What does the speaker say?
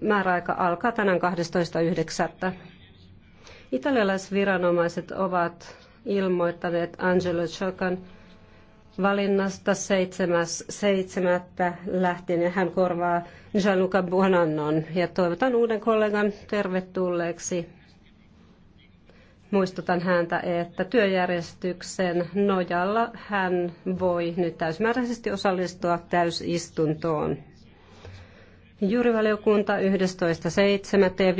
määräaika alkaa tänään 12.9. Italialaisviranomaiset ovat ilmoittaneet Angelo Chokan valinnasta 7.7. lähtien ja hän korvaa Gianluca Buonannon. Ja toivotan uuden kollegan tervetulleeksi. Muistutan häntä, että työjärjestyksen nojalla hän voi nyt täysimääräisesti osallistua täysistuntoon. Juurivaliokunta 11.7. ja